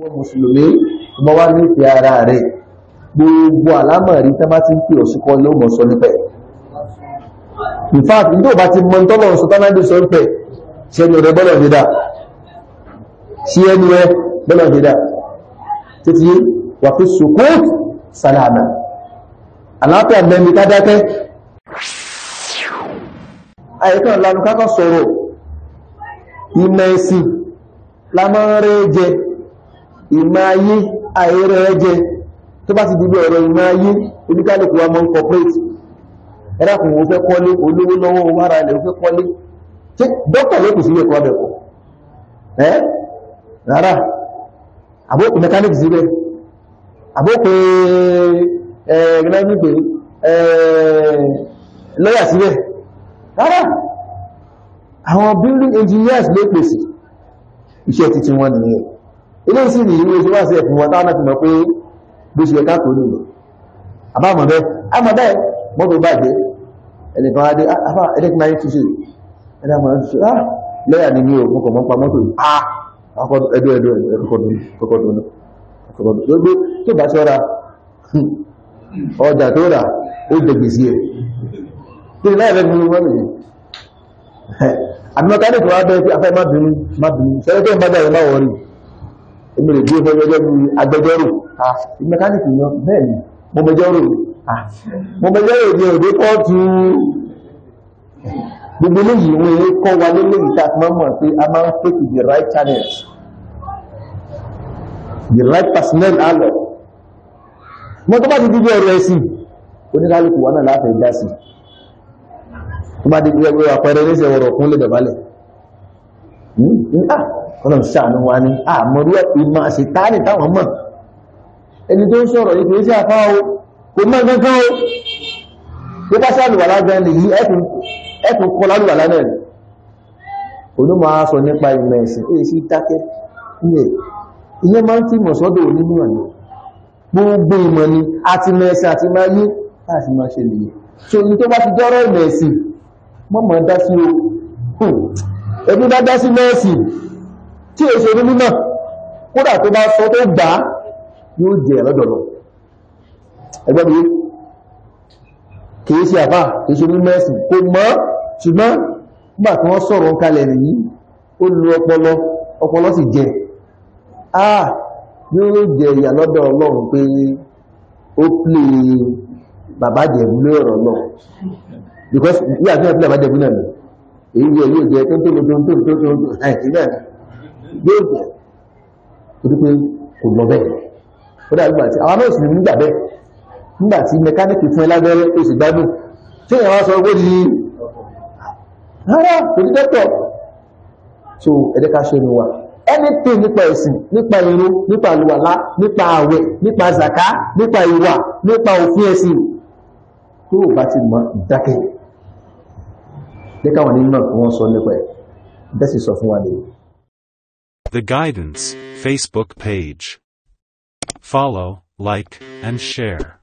wọ́n mùsùlùmí ọmọ wá ní ìfẹ́ ara rẹ̀ gbogbo àlámọ̀rí tẹ́ bá ti ń pè ọ̀sùnkọ́ ní ó mọ̀ sọ nípẹ̀ in fact ní tó bá ti mọ́ tọ́lọ̀ ọ̀sùn tánàdé sọ ń pẹ̀ sí ẹni ọ̀rẹ́ bọ́lọ̀ dídá sí ẹni ẹ bọ́lọ̀ dídá títí wà fi sùkú sàlámà àlàáfíà mẹ́mi ká dákẹ́ àyíkọ́ lanu kákọ́ sọ̀rọ̀ ìmẹ̀ẹ̀sì lámọ́rẹ́ jẹ́ ìmọ̀ ayé àìrẹ ẹjẹ tó bá ti dìbò ọ̀rọ̀ ìmọ̀ ayé oníkálùkù wa mọ́ ń corporate ẹ̀rẹ́kùn òun fẹ́ kọ́lé olówó lọ́wọ́ owó ara ilẹ̀ òun fẹ́ kọ́lé tí dókítà ló kù sí ẹ̀kọ́ abẹ́kọ̀ ẹ́ rárá àbókù mechanic síbẹ̀ àbókù ẹ̀ẹ́gbẹ̀gbẹ̀ lọ́yà síbẹ̀ rárá àwọn building engineers ló pèsè iṣẹ́ titi wọn nìyẹn ilé ìsì rí ilé ìsì wáṣẹ́ ẹ̀fún wa táwọn mọ̀ pé bí ṣe káàkó ní ìlú àbámọ̀ bẹ́ẹ̀ àmọ̀ bẹ́ẹ̀ mọ́tò bàjẹ́ ẹnìkan adé ah, àbá ẹ̀dẹ́kùn ayé túnṣe ẹ̀dá mọ̀ ẹ̀dùn ṣe á lẹ́yà ní ní òun kọ̀ mọ́ pa mọ́tò yìí á ẹ̀dọ́ ẹ̀dọ́ ẹ̀kọ́dún tó gbé tó bá ṣọ́ra ọjà tó rà ó dẹ̀gbì sí ẹ̀ kí ni láì lẹ́nu wọn nìyí àmì mọ́tò adé tó wá bẹ́ẹ̀ pé afẹ́ má bínú má bínú sẹ́yẹ́ èmi lè dúró fún ẹgbẹ́ bíi agbẹjọ́rò mẹkáníìkì yan bẹ́ẹ̀ ni mo mẹjọ́rò mo mẹjọ́rò ní òde kóòtù gbogbo eléyìí wọn èyí kọ́ wa lélẹ́yìí tá a fi máa mọ̀ pé a máa ń fake the right channels the right personnel are lọ mo tó bá ti dídí ọ̀rọ̀ ẹ̀sìn oníkálukú wa náà láàfẹ́ dá sí tó bá dídí ọ̀rọ̀ Hmm. Ah, ọ̀nà ṣàánú wa ní ah, àmọ́rú ìmọ̀ àṣìtáàlì táwọn mọ̀ ẹni tó ń sọ̀rọ̀ ìpé sí àfá o kò mọ́ gẹ́gẹ́ o tó bá ṣàlùwà lágbẹ́ lè yí ẹkùn kọ lálùwà lánà rẹ̀ onímọ̀ aṣọ nípa ìmọ̀ ẹ̀sìn èyí sí dákẹ́ ilé máa ń tí mọ̀ sọ́dọ̀ ni so ní tó bá ti dọ́rọ̀ ìmọ̀ ẹ̀sìn mọ́mọ́ ẹbí bá dá sí nọ́ọ̀sì tí èso ní mímọ̀ kódà tó bá sọ tó gbà yóò jẹ lọ́dọ̀lọ́ ẹgbẹ́ mi kìí ṣe àbá kìí ṣe ní nọ́ọ̀sì kò mọ́ ṣùgbọ́n nígbà tí wọ́n sọ̀rọ̀ ń kalẹ̀ nìyí ó lu ọpọlọ ọpọlọ sì jẹ ah yóò jẹ ìyà lọ́dọ̀ ọlọ́run pé ó pè bàbá jẹ̀bú lórí ọ̀rọ̀ because we are hàn pé bàbá jẹ̀bú náà nìyí èyí yẹ yóò jẹ tó tóbi tó tóbi tó tóbi àìsí bẹ́ẹ̀ yóò jẹ torí pé kò lọ bẹ́ẹ̀ ó dàbí gbàtí àwọn náà sì ní nígbà bẹ́ẹ̀ nígbà tí mẹkáníkì fún ẹ lábẹ́rẹ́ oṣù gbádùn tí èèyàn wá sọ owó di rárá kò ní dẹ́tọ̀ so ẹ̀dẹ́ ká ṣe wa anything nípa ẹ̀sìn nípa irun nípa àlùwàlá nípa àwẹ̀ nípa zaka nípa ìwà nípa òfin ẹ̀sìn tó bá ti mọ ìdákẹ́ The Guidance Facebook page. Follow, like, and share.